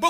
mbokk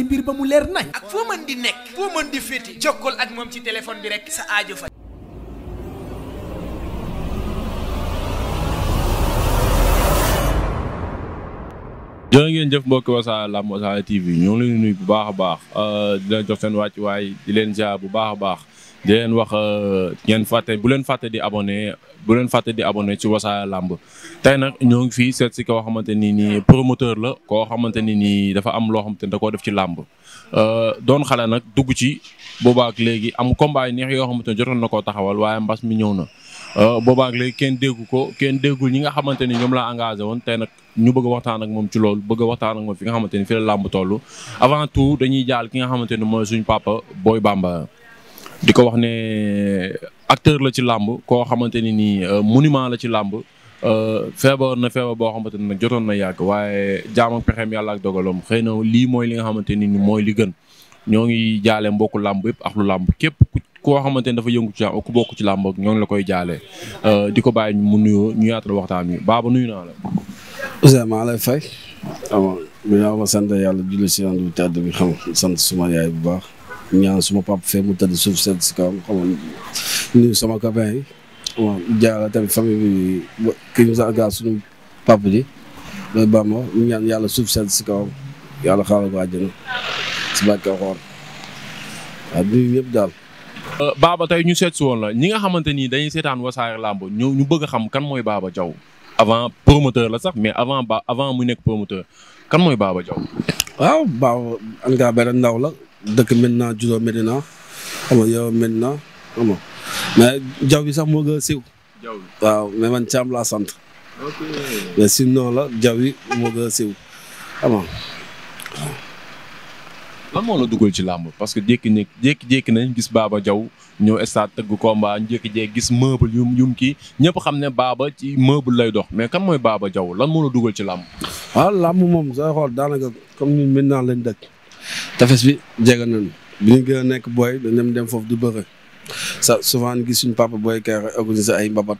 say mbir ba mu leer nañ di nekk foo ak moom ci téléphone bi rek sa aajo fa jërë ngeen jëf mbokk Wassare Lamb Wassare TV ñoo ngi leen nuyu bu baax a baax euh, di leen jox seen wàccuwaay di leen jaar bu baax a baax di leen wax euh, ngeen fàtte bu leen fàtte di abonné bu leen fàtte di abonné ci Wassare làmb tey nag ñoo ngi fii seet si koo xamante ni nii promoteur la koo xamante ni nii dafa am loo xamante ni da koo def ci làmb euh, doon xale nag dugg ci boobaak léegi am combat yu neex yoo xamante ne na koo taxawal waaye mbas mi ñëw na euh, boobaak léegi kenn déggu ko kenn déggul ñi nga xamante ni ñoom la engagé woon tey nag ñu bëgg waxtaan ak moom ci loolu bëgg waxtaan ak moom fi nga xamante ni fi la làmb toll avant dañuy jaal ki xamante ni mooy suñu papa Boy Bambara di ko wax ne euh, acteur la ci làmb koo xamante ni nii euh, monument la ci làmb euh, feebar na feebar boo xamante ne nag jotoon na yàgg waaye jaam ak yàlla ak dogalam xëy na lii mooy li nga xamante ni mooy li gën ñoo ngi jaale mbokku làmb yëpp ak lu làmb képp koo xamante ni dafa yëngu ci làmb ku bokk ci làmb ñoo ngi la koy jaale di ko bàyyi mu nuyoo ñu yaatal waxtaan wi baaba nuyu naa la. Ousseyn maa lay fay. waaw maa ngi sant yàlla julli si yàlla bu tedd bi xam sant suma bu baax. ñaan suma papa fee mu tëdd suuf sedd si kawam xam nga sama copain yi waaw jaala tamit famille bi kii mu sa gaa suñu papa ji loolu baax ma ñaan yàlla suuf sedd si kawam yàlla xaaral ko àjjana si bàkka xoor waaw nuyu ñëpp daal. Euh, Baba tey ñu seet si woon la ñi nga xamante ni dañuy seetaan Wassare Lamb ñu ñu bëgg xam kan mooy Baba Diaw avant promoteur la sax mais avant ba avant mu nekk promoteur kan mooy Baba Diaw. waaw Baba an gaa benn ndaw la. dëkk maintenant juddoo Medina xam nga xam nga mais jaw bi sax moo gën a siiw. jaw bi waaw mais man laa sant. ok mais sinon la jaw bi moo gën a siiw xam nga waaw. dugal ci làmb parce que jékki-jékki jékki-jékki nañ gis baaba Diaw ñëw stade tëgg combat ñu jékki-jékki gis meuble yum yum kii ñëpp xam ne baaba ci meuble lay dox mais kan mooy baaba jaw lan moo a dugal ci làmb. waaw ah, làmb moom sooy xool daanaka comme ñun maintenant lañ dëkk. tefes bi jega nañu bi ñu gën a nekk booy dañu dem foofu di bëre sa souvent gis suñu papa booy kay organiser ay mbabat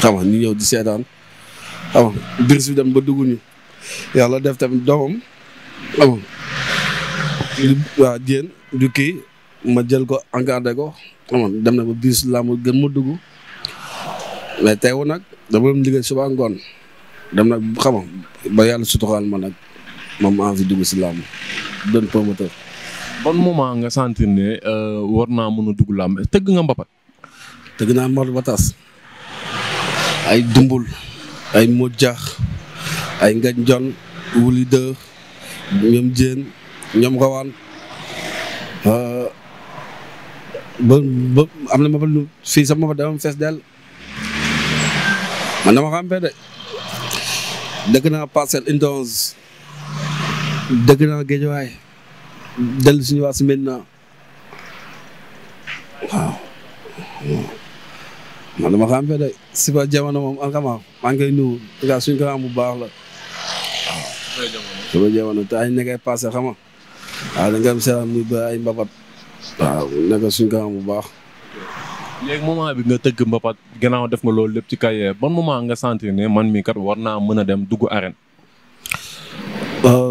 xam nga ñu ñëw di seetaan xam nga biir si dem ba duggu ñu yàlla def tamit doomam xam nga waa ma jël ko encadré ko xam nga dem na ba biir si gën ma dugg mais teewu nag dama doon liggéey suba ngoon dem na xam nga ba yàlla suturaal ma nag moom envie dugg si làmb bon moment nga sentir ne euh, war a dugg làmb tëgg nga mbapat. tëgg naa mbapat ba ay dumbul ay mojjaax ay ngañ jon wuli dë ñoom jéen ñoom rawaan euh, ba ba am na mbapat fii sax mbapat dama fees dell man dama xam fee de dëgg naa parcelle indose dëgg naa géejawaay dellu suñu waa si maintenant waaw man dama xam fee de si ba jamono moom alkama maa ngi koy nuyu gaa suñu bu baax la waaw sama jamono te ay nga waaw da nga am seetaan ba ay mbapat waaw bu baax léegi moment bi nga tëgg mbapat gannaaw def nga loolu lépp ci carrière ban moment nga sentir ne man mi kat war naa mën a dem dugg arène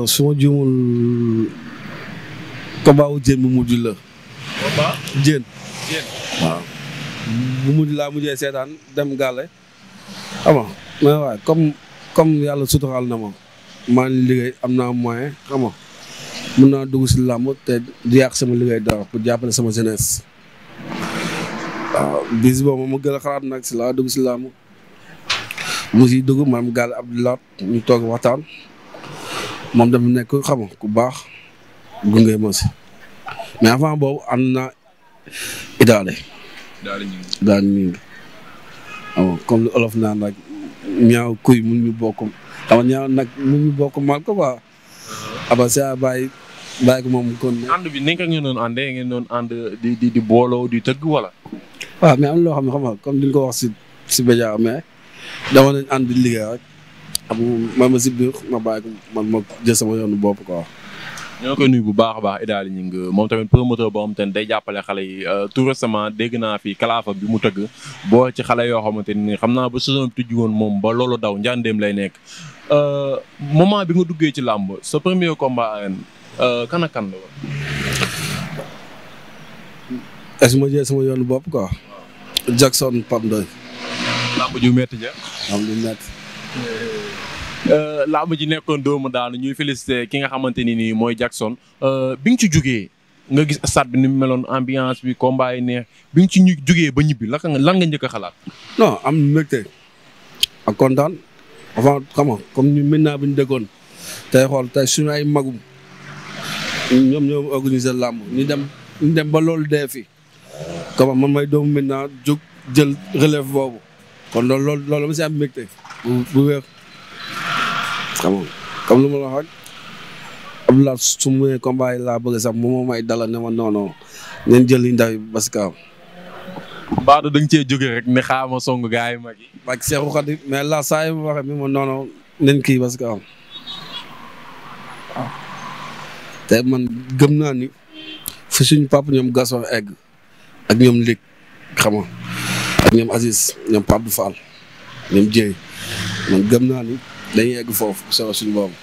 su ma juumul combat wu jën bu mujj la. combat jën. bu mujj laa mujjee seetaan dem gàlle xam nga mais waaye comme comme yàlla suturaal na ma maa ngi liggéey am naa moyen xam nga naa dugg si làmb te di yàq sama liggéey dara pour jàppale sama jeunesse. waaw bis boobu ma gën a xalaat nag si laa dugg si làmb mu siy dugg maam gàlle Abdoulaye ñu toog waxtaan. moom da mu nekk xam nga ku baax gunge ma si mais avant boobu am na idaale. idaale ñu ngi daal ñu comme lu olof naan nag ñaaw kuy mun ñu bokk xam nga ñaaw nag mu ñu bokk mal ko quoi. aba sa bàyyi bàyyi ko moom kon. ànd bi nekk ngeen doon àndee ngeen doon ànd di di di booloo di tëgg wala. waaw mais am loo xam ne xam nga comme duñ ko wax si si média dama nañ ànd di liggéey ab man ma si biir ma bàyyi man ma jël sama yoonu bopp quoi. ñoo koy nuyu bu baax a baax Idaly Gningue moom tamit promoteur boo xamante ni day jàppale xale yi euh, tout récemment dégg naa fi kalaafa bi mu tëgg boo ci xale yoo xamante ni xam naa ba saison bi tijji woon moom ba loolu daw njàndeem lay nekk. Euh, moment bi nga duggee ci làmb sa premiere combat arène euh, kan la woon. sama yoonu bopp quoi. Jackson Pam Doy. làmb ju metti ja. Euh, làmb ji nekkoon doomu daanu ñuy félicité ki nga xamante ni nii mooy Jackson euh, bi nga ci jugee nga gis stade bi ni mu meloon ambiance bi combat yi neex bi nga ci ñu jugee ba ñibbi lan nga lan nga njëkk xalaat. non am mbégte ak kontaan avant xam nga comme ni maintenant bi ñu déggoon tey xool tey suñu ay magum ñoom ñoom organiser làmb ñu dem dem ba loolu dee fi comme man may doomu maintenant jóg jël relève boobu. kon loolu lool loolu dama si am bu bu wér xam comme lu ma la waxoon Abdoulaye su mu nee combat yi laa bëgg sax moom moo may dalal ma non non jël li ndaw yi parce que. Mbadou da cee jógee rek ne xaama song gars yi mag yi. ak Cheikhou Khadim mais la saa yu ma waxee mi ma non non kii parce que am te man gëm naa ni fi suñu papa ñoom Gasson egg ak ñoom Lig xam ak ñoom Aziz ñoom Pape Fall ñoom Dieye man gëm naa ni dañuy yegg foofu soo suñu boobu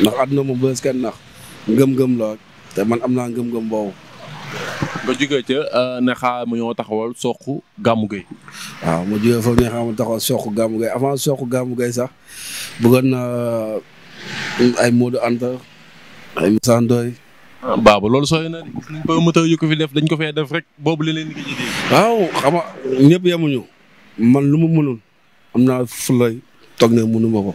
ndax àdduna moom bës kenn ndax ngëm-ngëm la te man am naa ngëm-ngëm boobu. nga jógee ca euh, ne xaa mu ñoo taxawal soq gàmmu gay waaw ma jógee foofu ne xaa mu gàmmu gay avant sooku gàmmu gay sax bëggoon na ay modu Anta ay Moussa baaba loolu sooy na gis nañ promoteur yu ko fi def dañ ko fee def rek boobu la leen di ji. waaw xam nga ñëpp yemuñu man lu mu mënul am naa fulay toog ne mënu ma ko.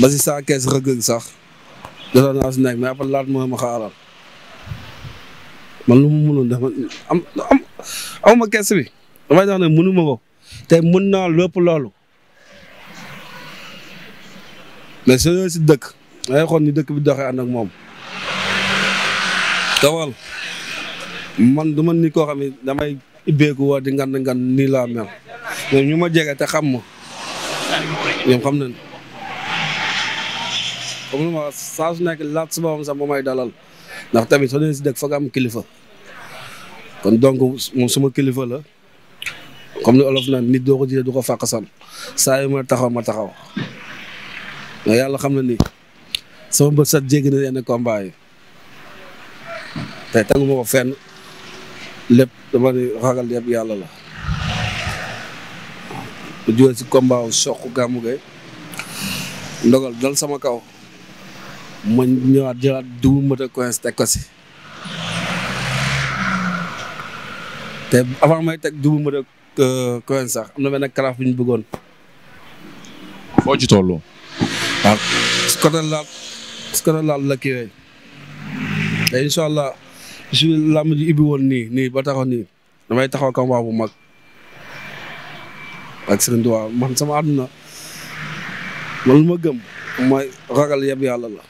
ba si saa kees rëgg sax jotoon naa si nekk mais après laat moo ma xaaral man lu mu mënoon dafa am am amuma kees bi damay tax ne mënu ma ko te mën naa lépp loolu mais su si dëkk dangay xool ni dëkk bi doxee ànd ak moom tawal man du ma ni koo xam ne damay ibbeeku woo di ngan ngan nii laa mel mais ñu ma jege te xam ma ñoom xam nañ comme lu ma saa may dalal ndax tamit soo leen si dëkk foog am kilifa kon donc moom suma kilifa la comme ni olof naan nit doo ko jëlee du ko fàq san saa yu ma taxaw ma taxaw mais yàlla xam na ni sama mbër sa jéggi na yenn combat yi te tegu ma ko fenn lépp dama ni ragal lépp yàlla la mu si combat wu soq gàmmu gay ndogal dal sama kaw ma ñëwaat jëlaat double moteur coince teg ko si te avant may teg double moteur coince sax am na benn kalaaf bu ñu bëggoon foo ci tollu parce que laal la kiiwee te incha allah su làmb ji ibbi woon nii nii ba taxaw nii damay taxaw combat bu mag ak sëriñ Tuubaa man sama àdduna man lu ma gëm mooy ragal yab yàlla la.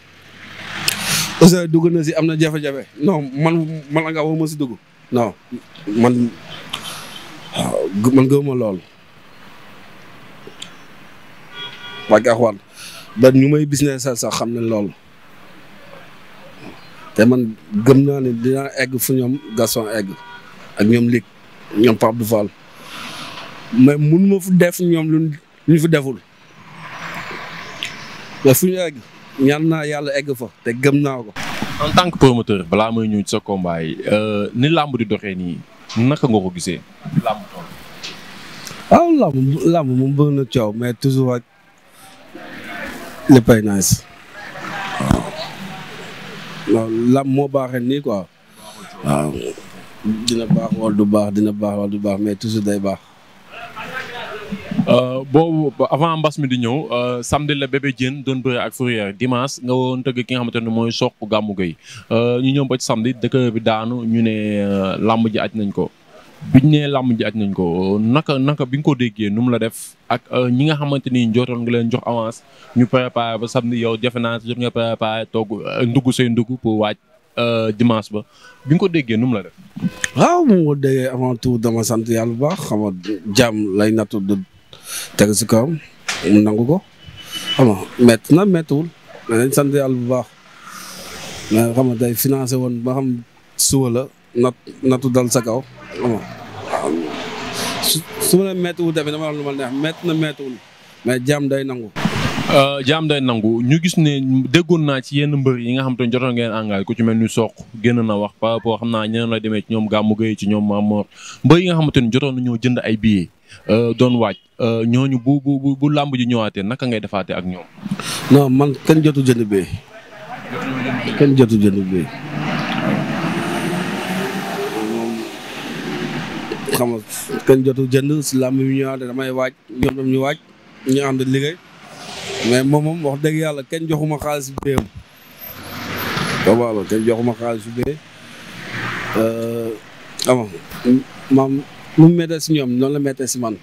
Ousseyn dugg na si am na jafe-jafe non man man nga ma si dugg non man man gëmuma lool. waa Gaxwane ba ñu may business sax xam ne lool te man gëm naa ne dinaa egg fu ñoom Gaston egg ak ñoom Ligue ñoom Pape Abdou Fall mais mënu ma fu def ñoom luñ luñ fi deful te fu ñu egg ñaan naa yàlla egg fa te gëm naa ko. en tant promoteur balaa may ñëw ci sa combat euh, ni làmb di doxee nii naka nga ko gisee. làmb tool ah làmb làmb moom bëgg na coow mais toujours ak léppay nice waaw lam moo baaxee nii quoi waaw dina baax wala du baax dina baax wala du baax mais toujours day baax. Euh, boobu avant mbas mi di ñëw euh, samedi la bébé Diène doon bëre ak Fourrière dimanche nga woon tëgg ki nga xamante ne mooy Sokh gàmmu Gueye euh, ñu ñëw ba ci samedi dëkk bi daanu ñu ne làmb ji aj nañ ko. biñ ne làmb ji aj nañ ko naka naka bi nga ko déggee nu mu la def ak euh, ñi nga xamante ni njootoon nga leen jox avance ñu préparé ba samedi yow jafe naa jot nga préparé toog euh, ndugg say ndugg pour waaj euh, dimanche ba bi nga ko déggee nu mu la def. waaw moom moo déggee avant tout dama sant yàlla bu baax xam nga lay nattu du teg si kawam mu nangu ko xam na méttiwul mais nañ sant yàlla bu baax mais xam day financé woon ba xam suba la. nat natu dal sa kaw su ma ne méttiwul tamit dama wax lu ma neex métti na méttiwul mais jaam day nangu. Euh, jaam day ñu gis ne déggoon naa ci yenn mbër yi nga xam te ne jotoon ngeen engagé ku ci mel ni Sokh génn na wax par rapport xam naa ñeneen la demee ci ñoom Gamou Gueye ci ñoom Mamor mbër yi nga xamante ni jotoon nañoo jënd ay billets euh, doon waaj euh, ñooñu bu bu bu làmb ji ñëwaatee naka ngay defaatee ak ñoom. non man kenn jotu jënd bee. kenn jotu jënd xam nga kenn jotu jënd si làmb bi ñu ànd damay waaj ñoom tam ñu waaj ñu ànd mais moom moom wax dëgg yàlla kenn joxuma xaalis bi béyam waaw joxuma xaalis bi béy euh, ama maam lu mu si ñoom noonu la méttee si man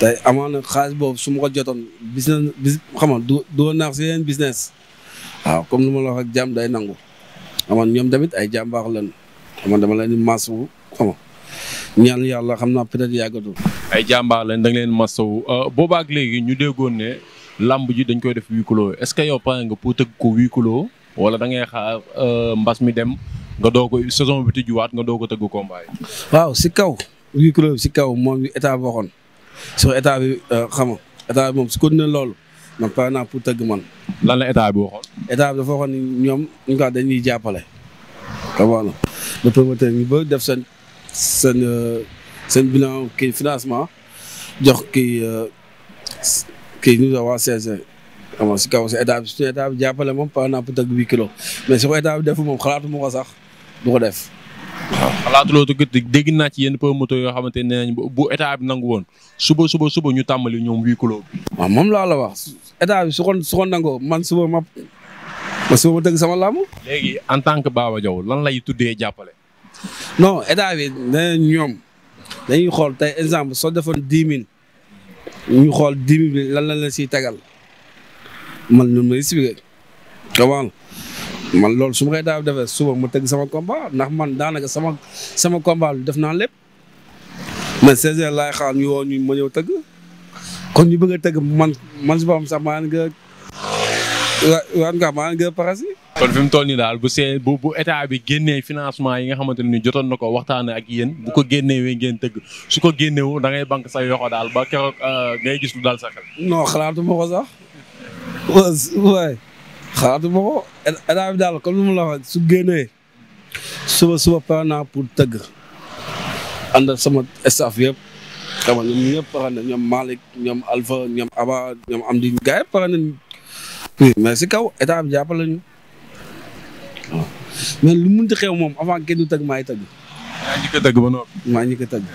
tey amaana xaalis boobu su ma ko jotoon business bis xam nga du du naax si yeneen business waaw comme nu ma la wax ak day nangu amaan ñoom tamit ay jàmbaax lan amaan dama leen di maasu ñaan yàlla xam naa peut-être yàggatul. ay jàmbaar lañ da nga leen masawu euh, boobaak léegi ñu déggoon ne làmb ji dañ koy def huis clos est-ce que yow pare nga pour tëgg ko huis clos wala da ngay xaar euh, mbas mi dem nga doo ko saison bi tijjuwaat nga doo ko tëgg combat yi. waaw si kaw huis si kaw moom état bi waxoon su état bi xam nga état bi moom su ko nee loolu naa pour tëgg man. lan la état bi waxoon. ñoom ñu ko dañuy jàppale. xam nga lu promoteur ñu def seen. seen euh, seen bilan kii financement jox kii euh, kii ñu waa CG xam nga si kaw si état bi suñu état jàppale moom par exemple teg wi kilo mais su ko état defu moom xalaatu ma ko sax du ko def. waaw xalaatuloo dégg naa ci yenn promoteur yoo xamante ne nañ bu état bi nangu woon suba suba ñu tàmbali ñoom huit kilos bi. waaw moom laa la wax état bi su ko man suba ma ma suba ma sama laamu. léegi en tant que Baba Diaw lan lay tuddee jàppale. non état bi dana ñoom dañuy xool tey exemple soo defoon dix mille ñu xool dix mille bi lan la la siy tegal man loolu ma expliqué comment man loolu su ma koy daaw defee suba ma tëgg sama komba ndax man daanaka sama sama combat def naa lépp man seize heures laay xaar ñu woo ñu ma ñëw tëgg kon ñu bëgg a tëgg man man si boppam sax maa ngi nga waan nga maa ngi parasi kon fi mu toll nii daal bu see bu bu état bi génnee financement yi nga xamante ne ni jotoon na ko waxtaan ak yéen bu ko génnee wee ngeen tëgg su ko génnewu dangay ngay banque sa yoxo daal ba keroog euh, ngay gis lu daal sa xel. non xalaatuma ko sax waay xalaatuma ko état bi daal comme ni mu la waxee su génnee suba suba pare pour tëgg ànd sama staff yëpp. xam nga ñoom ñëpp pare na ñoom Malick ñoom Alpha ñoom Aba ñoom Amdi gars yi mais si kaw état bi jàppale mais lu ti xew moom avant kenn du tëgg maay tëgg. maa ngi ko tëgg ba noppi. maa ngi ko tëgg.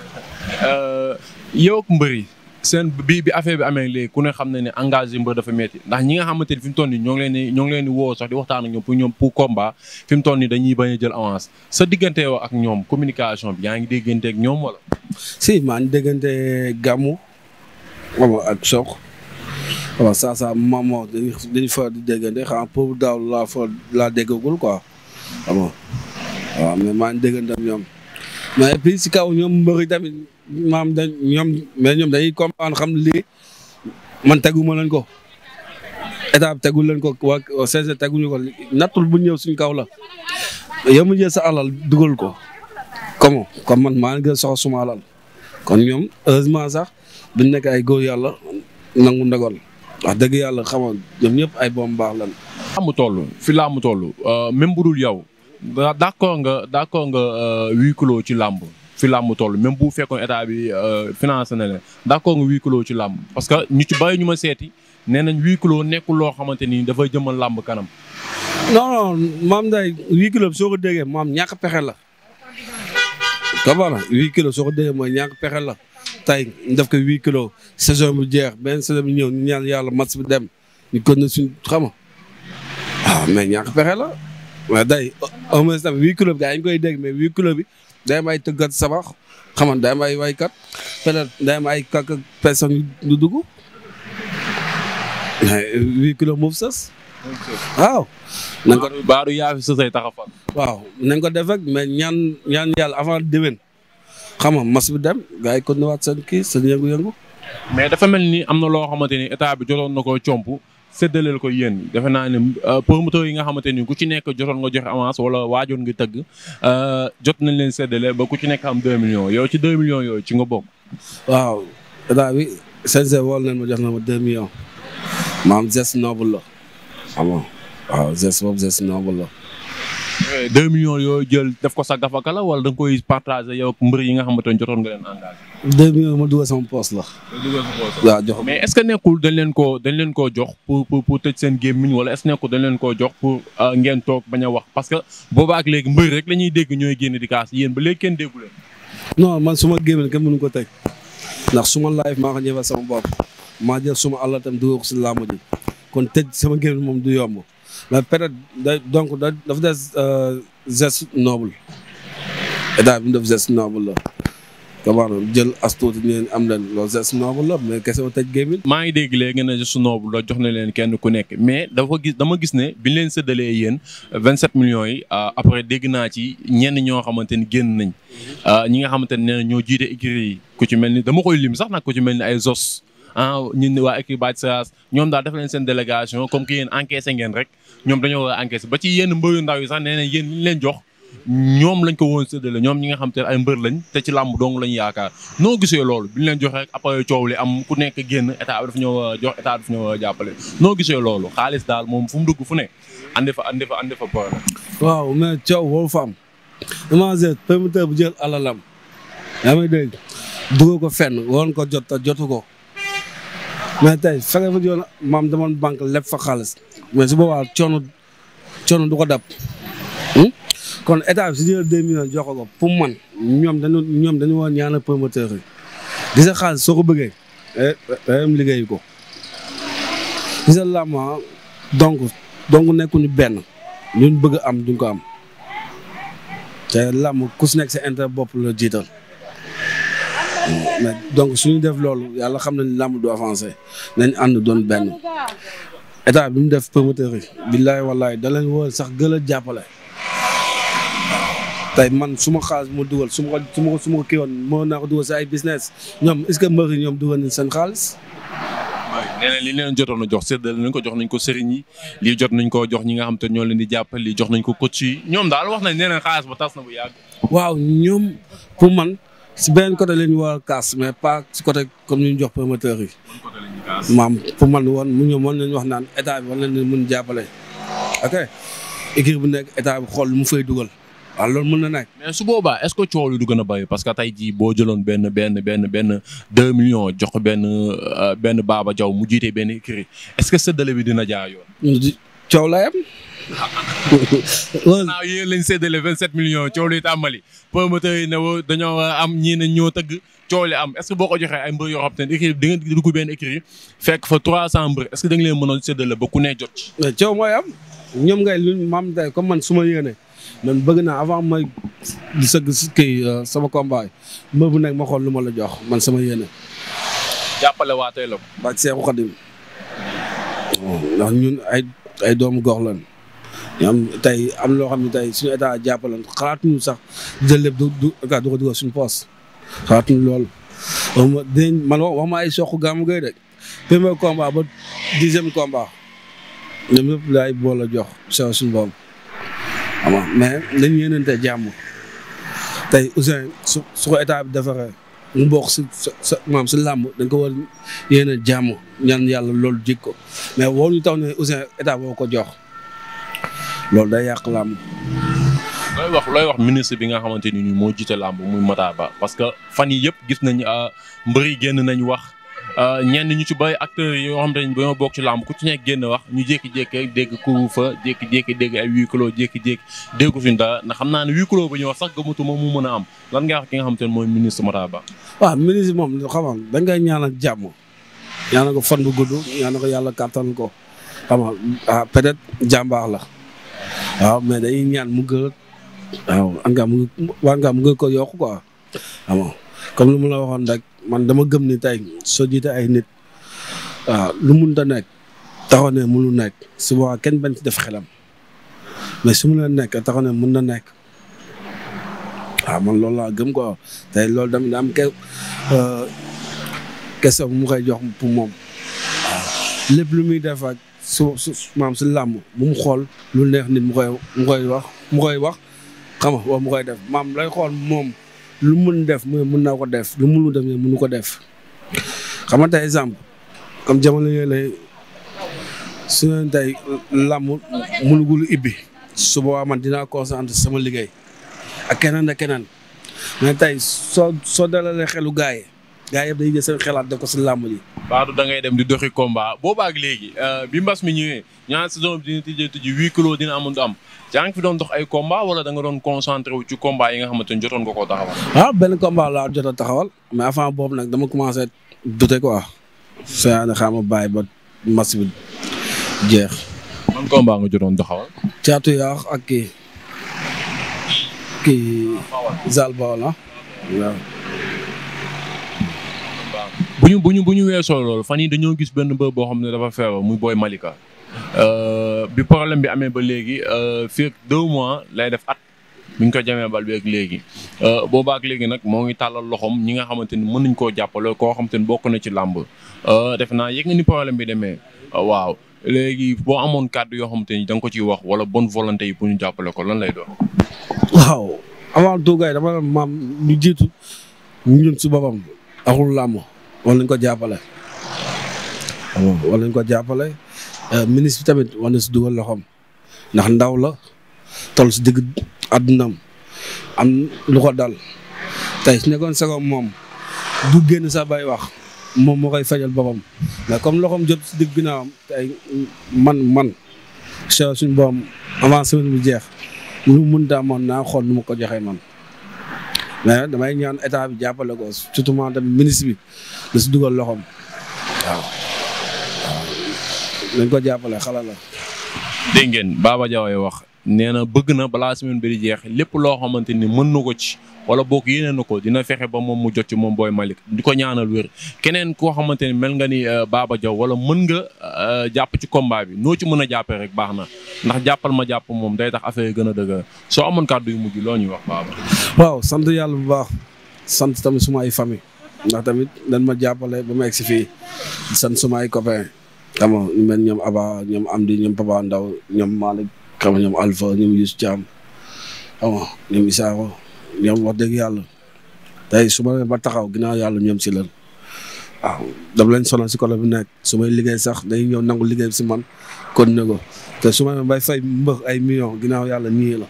Euh, yow ak mbër yi seen bi bi affaire bi amee léegi ku ne xam ne ne engagé mbër dafa metti ndax ñi nga xamante ni fi mu toll nii ñoo ngi leen di ñoo ngi leen di woo sax di waxtaan ak ñoom pour ñoom pour combat fi mu a jël avance sa diggante woo ak ñoom communication bi yaa ngi déggante ak ñoom wala. si maa déggante gàmmu xam ak sook waaw saa saa maman dañuy dañuy di déggante xam pour daaw laa fa laa déggagul quoi. xam nga waaw mais maa ngi déggante ak ñoom mais puis si kaw ñoom mbëri tamit maam dañ ñoom mais ñoom dañ comprendre xam lii man tegu leen ko état bi tegul leen ko waa teguñu ko nattul bu ñëw suñ kaw la yow mu jël sa alal dugal ko comment comme man maa ngi gën suma alal kon ñoom heureusement sax buñ nekk ay góor yàlla nangu ndogal wax dëgg yàlla xamoon ñoom ñëpp ay boom baax lan làmb toll fi làmb toll euh, même bu dul yow d'accord nga d'accord nga euh, huis clos ci làmb fi làmb toll même bu fekkoon état bi euh, financé na leen d'accord nga huis ci làmb parce que ñu ci bàyyi ñu ma seeti nee nañ huis clos nekkul loo xamante nii dafay jëmal làmb kanam. non non maam Nday soo ko déggee maam ñàkk pexe la. kabana huis clos soo ko mooy ñàkk pexe la tey def ko huis clos saison bu jeex benn saison bi ñëw ñu ñaan yàlla match bi dem ñu kon na suñ xama waaw ah, mais ñàkk pexe la mais day au moins tamit huit club gars yi ñu koy dégg mais huit club bi day am ay tëggat sabax xam nga ay waykat peut-être day am ay kàkk personnes yu dugg mais huit moom sës. waaw. nañ ko baaru yaa fi sësay taxafal. nañ ko def rek mais ñaan ñaan avant déwén xam nga mas bi dem gars yi ko nuwaat seen kii seen yëngu-yëngu. mais dafa mel ni am na loo xamante ni état bi joloon na ko comp séddaleel ko yéen defe naa ne euh, promoteur yi nga xamante ni ku ci nekk jotoon nga joxe avance wala waajoon nga tëgg euh, jot nañ leen séddale ba ku ci nekk am 2 millions yow ci 2 millions yooyu ci nga bokk. waaw état bi CNG wool nañ ma jox na ma 2 millions. maam geste noble la. xam nga waaw geste boobu geste noble la. deux millions yooyu jël def ko sa gafaka la wala da nga koy partagé yow mbër yi nga xamante ne jotoon nga leen engagé. deux millions ma dugal sama poos la. jox mais est ce que nekkul dañ leen ko dañ leen koo jox pour pour pour tëj seen gémmiñ wala est ce que nekkul dañ leen koo jox pour euh, ngeen toog bañ a wax parce que boobaa ak léegi mbër rek la ñuy dégg ñooy génne di kaas yéen ba léegi kenn déggu leen. non man su ma gémmiñ kenn mënu ko teg ndax suma ma live maa ko ñëwal sama bopp maa suma àll itam dugal ko si làmb ji kon tëj sama gémmiñ moom du yomb la période da donc da dafa des euh, geste noble état bi mu def geste noble la comment jël as tuuti neen am leen loolu geste noble la mais kese tëj gémmiñ maa ngi dégg léegi ne geste noble la jox na leen kenn ku nekk mais dafa gis dama gis ne bi ñu leen séddalee yéen vingt sept millions yi euh, après dégg naa ci ñenn ñoo xamante ni génn nañ euh, ñi nga xamante ne ñoo jiite écurie yi ku ci mel ni dama koy lim sax nag ku ci mel ni ay zos ah ñun waa équipe Bathie Seras ñoom daal def leen seen délégation comme que yéen encaissé ngeen rek ñoom dañoo war a encaissé ba ci yenn mbëru ndaw yi sax nee na yéen leen jox ñoom lañ ko woon séddale ñoom ñi nga xam te ay mbër lañ te ci làmb dong lañ yaakaar noo gisee loolu bi ñu leen jox rek après coow li am ku nekk génn eta bi daf ñoo euh, jox état daf euh, jàppale noo gisee loolu xaalis daal moom fu mu dugg fu ne andi fa andi fa andi fa boole waaw mais coow woo fa am imagine permetteur bu jël alalam yaa may dégg ko fenn woon ko jot jotu ko mais tey fexe fa yoon maam demoon banque leb fa xaalis mais si boobaa coono coono du ko dab. Hmm? kon état bi su jëlee deux millions jox ko pour man ñoom dañu ñoom dañu war ñaanal promoteur yi gis xaalis soo ko bëggee am eh, eh, eh, liggéeyu ko gis nga làmb ah, donc donc nekkuñu benn ñun bëgg am duñ am te làmb ku si nekk se intérêt bopp la jiital. donc suñu def loolu yàlla xam na ni làmb du avancé nañ ànd doon benn état bi mu def promoteur yi billaay wallaay da leen woo sax gën a jàppale tey man su ma xaalis ma dugal su ma su ma ko kii woon moo naa ko dugal si ay business ñoom est ce que ñoom dugal nañ seen xaalis nee na li leen jotoon a jox séddale nañ ko jox nañ ko sëriñ yi lii jot nañ koo jox ñi nga xam te ñoo leen di jàppale lii jox nañ ko coach yi ñoom daal wax nañ nee xaalis ba tas na bu yàgg waaw ñoom pour man si benn côté la ñu war a kaas mais pas si côté comme ni ñu jox promoteur yi. maam fu man woon mu ñëw mën nañu wax naan état bi war nañu mun jàppale. ok équipe bu nekk état bi xool mu fay dugal. waaw loolu mën na nekk. mais su boobaa es ce que coow li du parce que tey jii boo jëloon benn benn benn benn deux millions jox benn euh, benn Baba Diaw mu jiite benn écurie est-ce que séddale bi dina jaay yoon. coow la yam. xanaa yéen lañ séddale 27 millions coow li tàmbali. promoteur yi ne woo dañoo am ñii ne ñoo tëgg coow li am est ce que boo ko joxee ay mbër yoo xam te ne écrit di nga dugg benn écrit fekk fa 300 mbër est ce que da nga leen mënoon séddale ba ku ne jot. coow mooy am ñoom ngay lu maam day comme man su ma yéene man bëgg naa avant may di sëgg kii euh, sama combat mbër bu nekk ma xool lu ma la jox man sama yéene. jàppale waatee la ko. baax Seexu Xadim ndax ñun ay. ay doomu gox lan tey am loo xam ne tey suñu état jàppalan xalaatuñu sax jël lépp du du du ko dugal suñu poos xalaatuñu loolu waxuma dinañ man wax ma ay soq gàmmu gay rek premier combat ba dixième combat ñoom ñëpp laay boole jox sew suñu bopp ama mais dañu yéenante jàmm tey Ouzin su su ko état bi mu bokk si sa maam si làmb dañ ko war yéen a jàmm ñaan yàlla lool jig ko mais woo ñu tax ne Ouzin état boo ko jox loolu day yàq làmb. looy wax looy wax ministre bi nga xamante ni moo jiite làmb muy Matar Ba parce que fan yi yëpp gis nañ ah, mbër yi génn nañ wax. Euh, ñenn ñu ci bay acteurs yi yoo xam te ne dañoo bokk ci làmb ku ci nekk génn wax ñu jékki-jékki dégg ku fa jékki-jékki dégg ay huis jékki-jékki dégg suñu dara ndax xam naa ne huis clos ba ñu wax sax gëmatuma mu mën a am lan ngay wax ki nga xam te ne mooy ministre Matar Ba. waaw ministre moom xam nga da ngay ñaanal jàmm ñaanal ko fan bu gudd ñaan a ko yàlla kàttan ko xam nga ah, peut-être jàmbaar la waaw mais dañuy ñaan mu gën waaw en tout mu war mu gën ko yokk quoi xam nga comme lu mu la waxoon rek man dama gëm ni tey soo jiite ay nit waaw ah, lu munta nekk taxaw ne munu nekk su boobaa kenn bañ ci def xelam mais su mu la nekk taxaw ne mun na nekk waaw ah, man loolu laa gëm ko tey loolu tamit am ke euh, question bu mu koy jox pour moom waaw ah, lépp lu muy def ak su su maam làmb bu mu xool lu neex nit mu koy mu koy wax mu koy wax xam nga mu koy def maam lay xool moom lu mun def mooy mën naa ko def lu mënul def mooy mënu ko def xam nga tey exemple comme jamono yooyu la su ne tey làmb mënugul ibbi su boobaa man dinaa concentré sama liggéey ak keneen ak keneen mais tey soo soo dalalee xelu gaay gaa yëpp dañuy jël seen xelaat def ko si làmb ji. Badou da ngay dem di doxi combat boobaag léegi euh, bi mbas mi ñëwee ñaar saison bi dina tijjee tijji huis clos dina amoon am yaa ngi fi doon dox ay combat wala da doon concentré wu ci combat nga xamante ni jotoon nga koo taxawal. ah benn combat laa jot a taxawal mais avant boobu nag dama commencé douter quoi. xam nga bàyyi ba match bi jotoon taxawal. caatu yaax ak kii kii. bu ñu bu ñu bu ñu weesoo loolu fan yi dañoo gis benn mbër boo xam ne dafa feebar mu Boy Malika euh, bi problème bi amee ba léegi euh, fii ak deux mois lay def at mi ngi ko jamee bal bi ak léegi euh, boobaa léegi nag moo ngi tàllal loxoom ñi nga xamante ni mën nañ koo jàppale koo xamante ni bokk na ci làmb def naa yëg nga ni problème bi demee waaw léegi boo amoon kàddu yoo xamante ni danga ko ciy wax wala bon volonté yi pour ñu jàppale ko lan lay doon. waaw avant toogaay dama maam lu jiitu ñun si boppam. axul làmb war nañ ko jàppale. war nañ ko jàppale euh, ministre tamit war na si dugal loxoom ndax ndaw la toll si digg àddunam am lu dal tey su nekkoon sagoom moom du génn sa baay wax moom moo koy fajal boppam mais comme loxoom jot si digg ginnaawam tey man man so suñu boppam avant semaine bu jeex lu mun daa moon naa xool nu ma ko joxee man mais damay ñaan état bi jàppale ko surtout man tamit ministre bi da si dugal loxoom waaw. waaw nañ ko jàppale xala la. dégg ngeen Baba Diaw wax nee na bëgg na balaa semaine bi di jeex lépp loo xamante ni mën na ko ci wala boog yéene na ko dina fexe ba moom mu jot ci moom booy malik di ko ñaanal wér keneen koo xamante ni mel nga ni euh, Baba Diaw wala mën nga euh, jàpp ci combat bi noo ci mën a jàppee rek baax na ndax jàppal ma jàpp moom day tax affaire yi gën a dëgër soo amoon kàddu yu mujj loo ñuy wax Baba. waaw sant yàlla bu baax sant tamit suma ay famille ndax tamit dañ ma jàppale ba ma egg si fii sant suma ay copains xam mel ñoom Aba ñoom Amdi ñoom Papa Ndaw ñoom Malick xam ñoom Alpha ñoom Youssou Thiam xam nga ñoom Isaaxa ñoom wax dëgg yàlla tey su ma ba taxaw ginaaw yàlla ñoom si lan waaw dama leen sonal si kolo bi nekk su may liggéey sax day ñëw nangu liggéey si man kon ne ko te su ma bay fay mbëx ay millions ginnaaw yàlla ñii la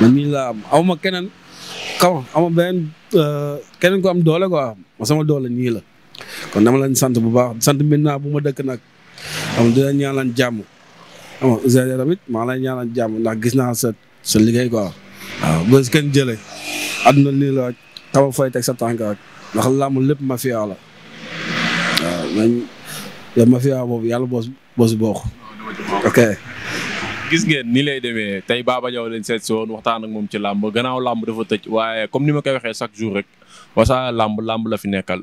man ñii laa am aw ma keneen xaw ma aw ma beneen euh, keneen ko am doole quoi ma sama doole ñii la kon dama leen sant bu baax sant mbir naa bu ma dëkk nag xam nga dina ñaan xam tamit maa lay ñaanal jàmm ndax gis naa sa sa liggéey quoi. waaw boo si kenn jëlee àdduna lii la xam nga fooy teg sa tànk ndax làmb lép mafia la waaw nañ la mafia boobu yàlla boos boos bokk. ok. gis ngeen ni lay demee tey Baba Diaw lañ seet si woon waxtaan ak moom ci làmb gannaaw làmb dafa tëj waaye comme ni ma koy waxee chaque jour rek. Wassare làmb làmb la fi nekkal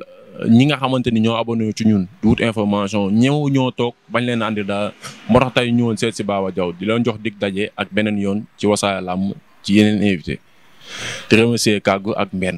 ñi nga xamante ni ñoo abonné ci ñun di wut information ñëw ñoo toog bañ leen a andi daal moo tax tey ñëwoon seet si Baba jaw di leen jox dig daje ak beneen yoon ci Wassare làmb ci yeneen invité di remercier ak mbenn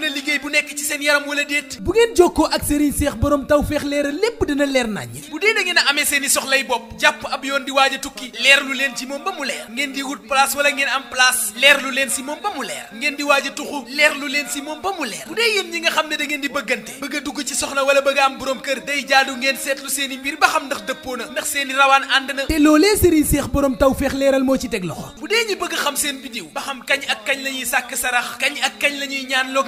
la liggéey bu nekk ci seen yaram wala déet bu ngeen jokkoo ak Serigne Seex borom taw feex leeral lépp dina leer naññ bu dee da ngeen a amee seen soxlay bopp jàpp ab yoon di waaj a tukki leerlu leen ci moom ba mu leer ngeen di wut place wala ngeen am place leerlu leen si moom ba mu leer ngeen di waaja a tuxu leerlu leen si moom ba mu leer bu dee yéen ñi nga xam ne da ngeen di bëggante bëgg a dugg ci soxna wala bëgg a am borom kër day jaadu ngeen seetlu seen i ba xam ndax dëppoo ndax seen i rawaan ànd na te loolee taw feex leeral moo ci teg loxo bëgg xam seen bidiw ba xam kañ ak kañ la ñuy sàkk sarax kañ ak kañ la ñuy ñaan loog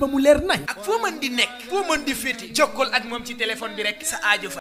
ba mu leer nañ. ak foo man di nekk. foo man di féete. jokkool ak moom ci téléphone bi rek sa aajo fa.